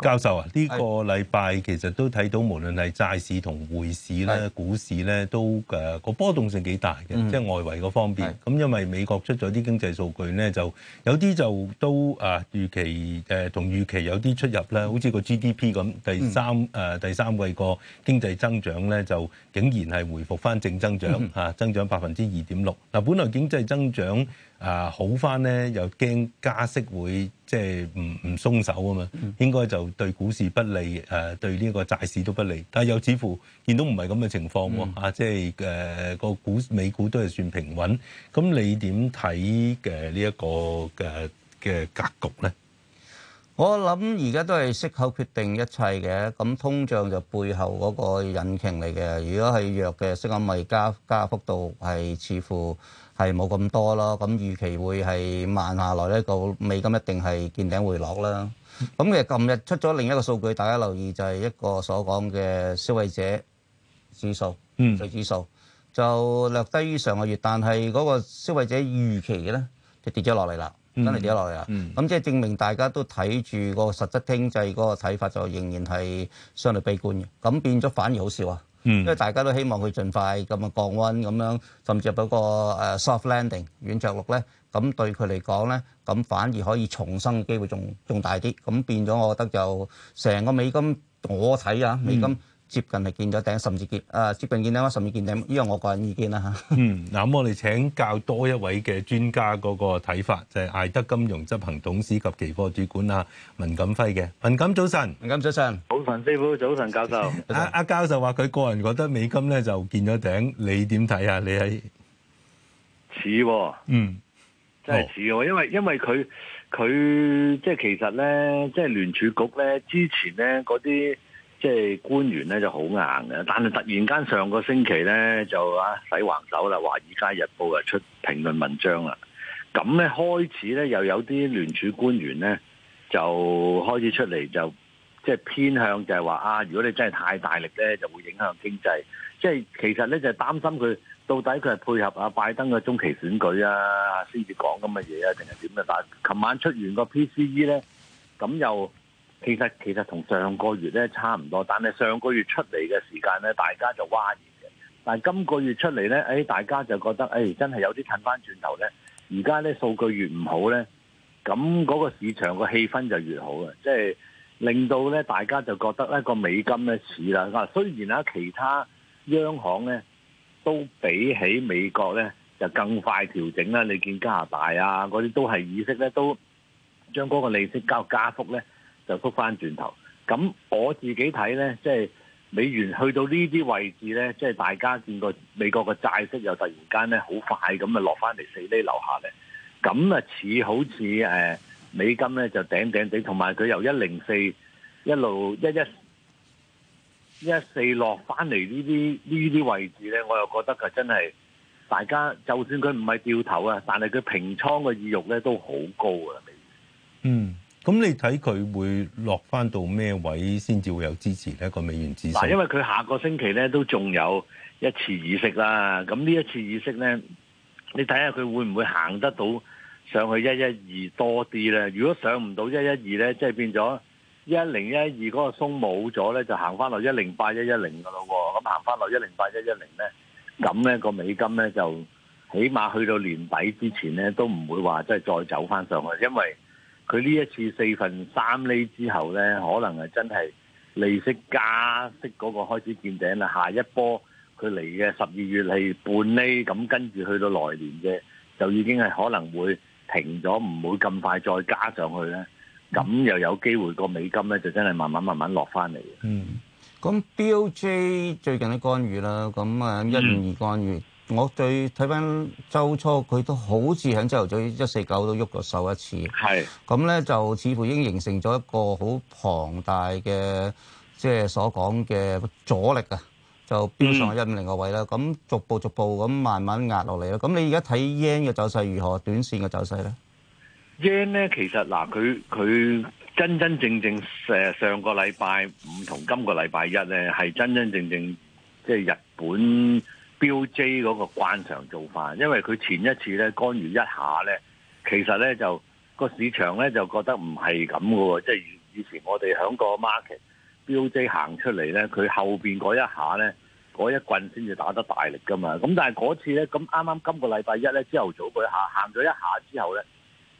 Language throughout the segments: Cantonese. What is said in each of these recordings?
教授啊，呢、這個禮拜其實都睇到，無論係債市同匯市咧、是的 股市咧，都誒個波動性幾大嘅，即係是的 外圍嗰方面。咁是的 因為美國出咗啲經濟數據咧，就有啲就都誒預期誒同預期有啲出入咧。好似個 GDP 咁，第三誒是的 第三季個經濟增長咧，就竟然係回復返正增長吓，增長百分之二點六。嗱，是的 本來經濟增長啊好返咧，又驚加息會。即係唔唔鬆手啊嘛，應該就對股市不利，誒對呢個債市都不利。但係又似乎見到唔係咁嘅情況喎，即係誒個股美股都係算平穩。咁你點睇嘅呢一個嘅嘅格局咧？我諗而家都係息口決定一切嘅，咁通脹就背後嗰個引擎嚟嘅。如果係弱嘅，息口咪加加幅度係似乎係冇咁多咯。咁預期會係慢下來咧，個美金一定係見頂回落啦。咁其實琴日出咗另一個數據，大家留意就係一個所講嘅消費者指數，個、嗯、指數就略低於上個月，但係嗰個消費者預期嘅咧就跌咗落嚟啦。嗯、真係跌咗落嚟啊！咁、嗯、即係證明大家都睇住個實質經濟嗰個睇法，就仍然係相對悲觀嘅。咁變咗反而好笑啊！嗯、因為大家都希望佢盡快咁啊降溫咁樣，甚至入到個 soft landing 軟着陸咧。咁對佢嚟講咧，咁反而可以重生嘅機會仲仲大啲。咁變咗，我覺得就成個美金，我睇啊，嗯、美金。接近係見咗頂，甚至見誒、啊、接近見頂，甚至見頂。呢個我個人意見啦嚇。嗯，咁我哋請教多一位嘅專家嗰個睇法，就係、是、艾德金融執行董事及期貨主管啊文錦輝嘅文錦早晨，文錦早晨，早晨師傅，早晨教授。阿阿晨、啊、教授話佢個人覺得美金咧就見咗頂，你點睇啊？你係似的嗯，真係似喎，因為因為佢佢即係其實咧，即係聯儲局咧之前咧嗰啲。即係官員咧就好硬嘅，但係突然間上個星期咧就啊洗橫手啦，華爾街日報就出評論文章啦，咁咧開始咧又有啲聯儲官員咧就開始出嚟就即係、就是、偏向就係話啊，如果你真係太大力咧，就會影響經濟。即、就、係、是、其實咧就係、是、擔心佢到底佢係配合啊拜登嘅中期選舉啊，先至講咁嘅嘢啊，定係點啊？但係琴晚出完個 PCE 咧，咁又。其實其實同上個月咧差唔多，但係上個月出嚟嘅時間咧，大家就嘩然嘅。但係今個月出嚟咧、哎，大家就覺得誒、哎、真係有啲褪返轉頭咧。而家咧數據越唔好咧，咁嗰個市場個氣氛就越好啦，即、就、係、是、令到咧大家就覺得咧個美金咧似啦。雖然啦、啊，其他央行咧都比起美國咧就更快調整啦。你見加拿大啊嗰啲都係意識咧都將嗰個利息交加，加幅咧。就縮翻轉頭，咁我自己睇呢，即係美元去到呢啲位置呢，即係大家見過美國嘅債息又突然間呢好快咁啊落翻嚟四釐樓下嚟，咁啊似好似誒美金呢，就頂頂頂，同埋佢由一零四一路一一一四落翻嚟呢啲呢啲位置呢，我又覺得佢真係大家就算佢唔係掉頭啊，但係佢平倉嘅意欲呢都好高啊，美元嗯。咁你睇佢會落翻到咩位先至會有支持呢？個美元指數，因為佢下個星期咧都仲有一次議息啦。咁呢一次議息咧，你睇下佢會唔會行得到上去一一二多啲咧？如果上唔到一一二咧，即係變咗一零一二嗰個松冇咗咧，就行翻落一零八一一零噶咯喎。咁行翻落一零八一一零咧，咁咧個美金咧就起碼去到年底之前咧都唔會話即係再走翻上去，因為。佢呢一次四分三厘之後咧，可能係真係利息加息嗰個開始見頂啦。下一波佢嚟嘅十二月係半厘，咁跟住去到來年啫，就已經係可能會停咗，唔會咁快再加上去咧。咁又有機會個美金咧，就真係慢慢慢慢落翻嚟嘅。嗯，咁 B O J 最近都干預啦，咁啊一五二干預。我最睇翻周初，佢都好似喺朝頭早一四九都喐過手一次，係咁咧就似乎已經形成咗一個好龐大嘅，即、就、係、是、所講嘅阻力啊，就飆上一五零個位啦。咁、嗯、逐步逐步咁慢慢壓落嚟咯。咁你而家睇 yen 嘅走勢如何？短線嘅走勢咧 yen 咧，其實嗱，佢、呃、佢真真正正誒、呃、上個禮拜五同今個禮拜一咧係真真正正即係日本。BOJ 嗰個慣常做法，因為佢前一次咧干預一下咧，其實咧就，市呢就個市場咧就覺得唔係咁嘅喎，即係以前我哋響個 market BOJ 行出嚟咧，佢後面嗰一下咧，嗰一棍先至打得大力㗎嘛。咁但係嗰次咧，咁啱啱今個禮拜一咧朝頭早嗰一下行咗一下之後咧，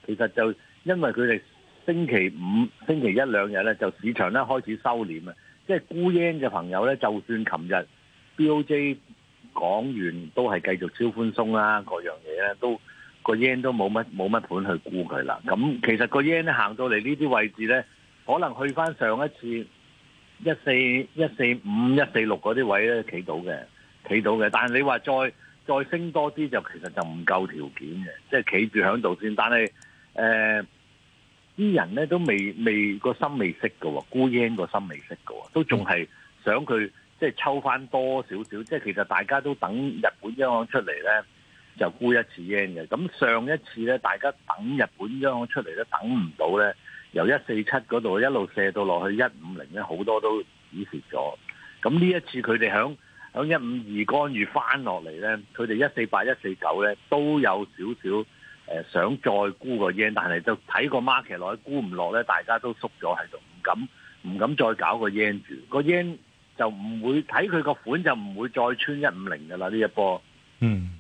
其實就因為佢哋星期五、星期一兩日咧，就市場咧開始收斂啊。即係孤英嘅朋友咧，就算琴日 BOJ 講完都係繼續超寬鬆啦，各樣嘢咧都個 yen 都冇乜冇乜盤去沽佢啦。咁其實個 yen 咧行到嚟呢啲位置咧，可能去翻上一次一四一四五一四六嗰啲位咧企到嘅，企到嘅。但係你話再再升多啲就其實就唔夠條件嘅，即係企住喺度先。但係誒啲人咧都未未、個心未息嘅喎，沽 yen 個心未息嘅喎，都仲係想佢。即係抽翻多少少，即係其實大家都等日本央行出嚟呢，就沽一次 yen 嘅。咁上一次呢，大家等日本央行出嚟都等唔到呢，由一四七嗰度一路射到落去 150, 一五零呢，好多都止蝕咗。咁呢一次佢哋響響一五二干預翻落嚟呢，佢哋一四八一四九呢，都有少少、呃、想再沽個 yen，但係就睇個 market 落去，沽唔落呢，大家都縮咗喺度，唔敢唔敢再搞個 yen 住。就唔會睇佢個款，就唔會再穿一五零噶啦呢一波。嗯，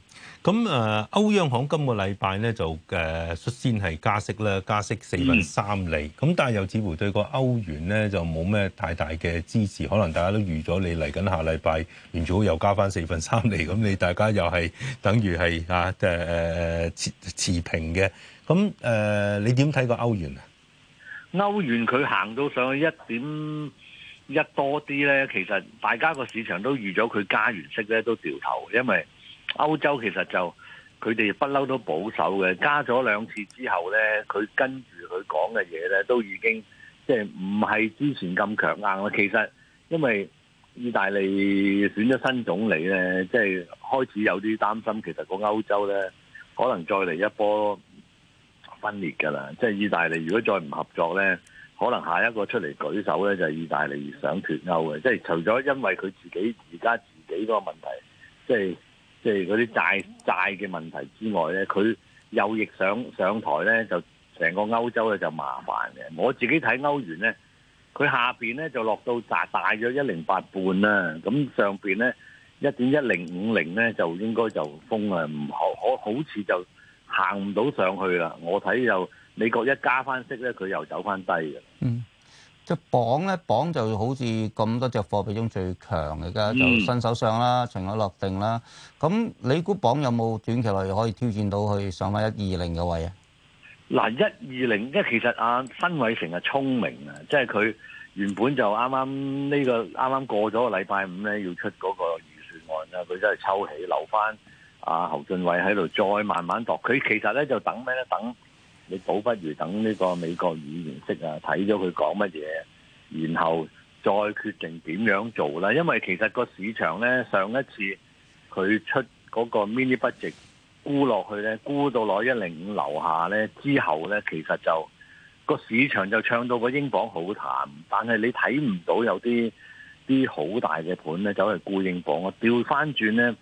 咁誒、歐、呃、央行今個禮拜咧就誒、呃、率先係加息啦，加息四分三厘。咁、嗯、但係又似乎對個歐元咧就冇咩太大嘅支持，可能大家都預咗你嚟緊下禮拜，聯儲又加翻四分三厘，咁你大家又係等於係啊誒誒、呃、持持平嘅。咁誒、呃，你點睇個歐元啊？歐元佢行到上去一點。一多啲呢，其實大家個市場都預咗佢加完息呢都掉頭，因為歐洲其實就佢哋不嬲都保守嘅，加咗兩次之後呢，佢跟住佢講嘅嘢呢，都已經即係唔係之前咁強硬啦。其實因為意大利選咗新總理呢，即係開始有啲擔心，其實個歐洲呢，可能再嚟一波分裂噶啦。即係意大利如果再唔合作呢。可能下一個出嚟舉手呢，就係意大利想脫歐嘅，即係除咗因為佢自己而家自己個問題，即係即係嗰啲債債嘅問題之外呢，佢右翼上上台呢，就成個歐洲呢，就麻煩嘅。我自己睇歐元呢，佢下邊呢，就落到大大約一零八半啦，咁上邊呢，一點一零五零呢，就應該就封啊唔好，好好似就行唔到上去啦，我睇又。美國一加翻息咧，佢又走翻低嘅。嗯，即係磅咧，就，就好似咁多隻貨幣中最強嘅，而家就新手上啦，情規落定啦。咁你估磅有冇短期內可以挑戰到去上翻一二零嘅位啊？嗱，一二零咧，因為其實阿、啊、辛偉誠係聰明啊，即係佢原本就啱啱、這個、呢個啱啱過咗個禮拜五咧，要出嗰個預算案啦。佢真係抽起留翻、啊，阿侯俊偉喺度再慢慢度。佢其實咧就等咩咧？等你倒不如等呢個美國語言識啊，睇咗佢講乜嘢，然後再決定點樣做啦。因為其實個市場呢，上一次佢出嗰個 mini budget 沽落去呢，沽到攞一零五樓下呢之後呢，其實就個市場就唱到個英鎊好淡，但係你睇唔到有啲啲好大嘅盤呢，走去沽英鎊啊，調翻轉呢，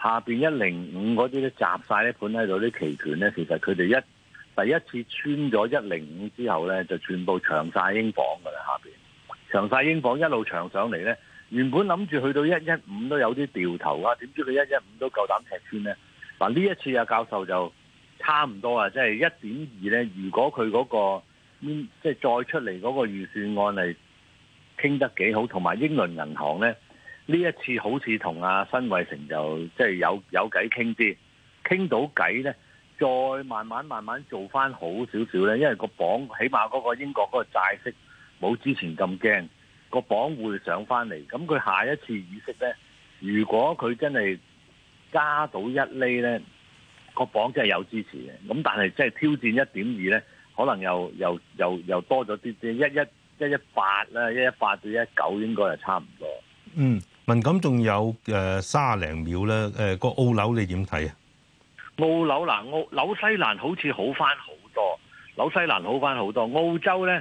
下面一零五嗰啲都集晒啲盤喺度，啲期權呢，其實佢哋一第一次穿咗一零五之後呢，就全部長晒英鎊㗎喇下邊，長晒英鎊一路長上嚟呢，原本諗住去到一一五都有啲掉頭啊，點知佢一一五都夠膽踢穿呢。嗱、啊、呢一次啊，教授就差唔多啊，即係一點二呢。如果佢嗰、嗰個即係、嗯即係、再出嚟嗰個預算案係傾得幾好，同埋英倫銀行呢，呢一次好似同阿新惠成就即係、即係、有有計傾啲，傾到計呢。再慢慢慢慢做翻好少少咧，因為個榜起碼嗰個英國嗰個債息冇之前咁驚，個榜會上翻嚟。咁佢下一次議息咧，如果佢真係加到一厘咧，個榜真係有支持嘅。咁但係即係挑戰一點二咧，可能又又又又多咗啲啲一一一一八啦，一一八到一九應該係差唔多。嗯，文錦仲有誒卅零秒啦。誒，個澳樓你點睇啊？澳紐蘭澳紐西蘭好似好翻好多，紐西蘭好翻好多。澳洲呢，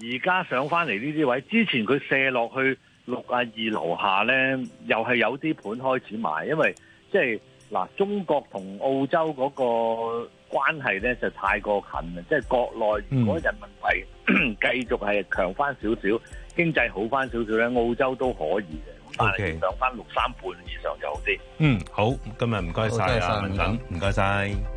而家上翻嚟呢啲位，之前佢射落去六啊二樓下呢，又係有啲盤開始賣，因為即係嗱，中國同澳洲嗰個關係呢，就太過近啦，即係、就是、國內如果人民幣繼、嗯、續係強翻少少，經濟好翻少少呢，澳洲都可以嘅。O.K. 但上翻六三半以上就好啲。嗯，好，今日唔該曬啊，等，唔該晒。謝謝。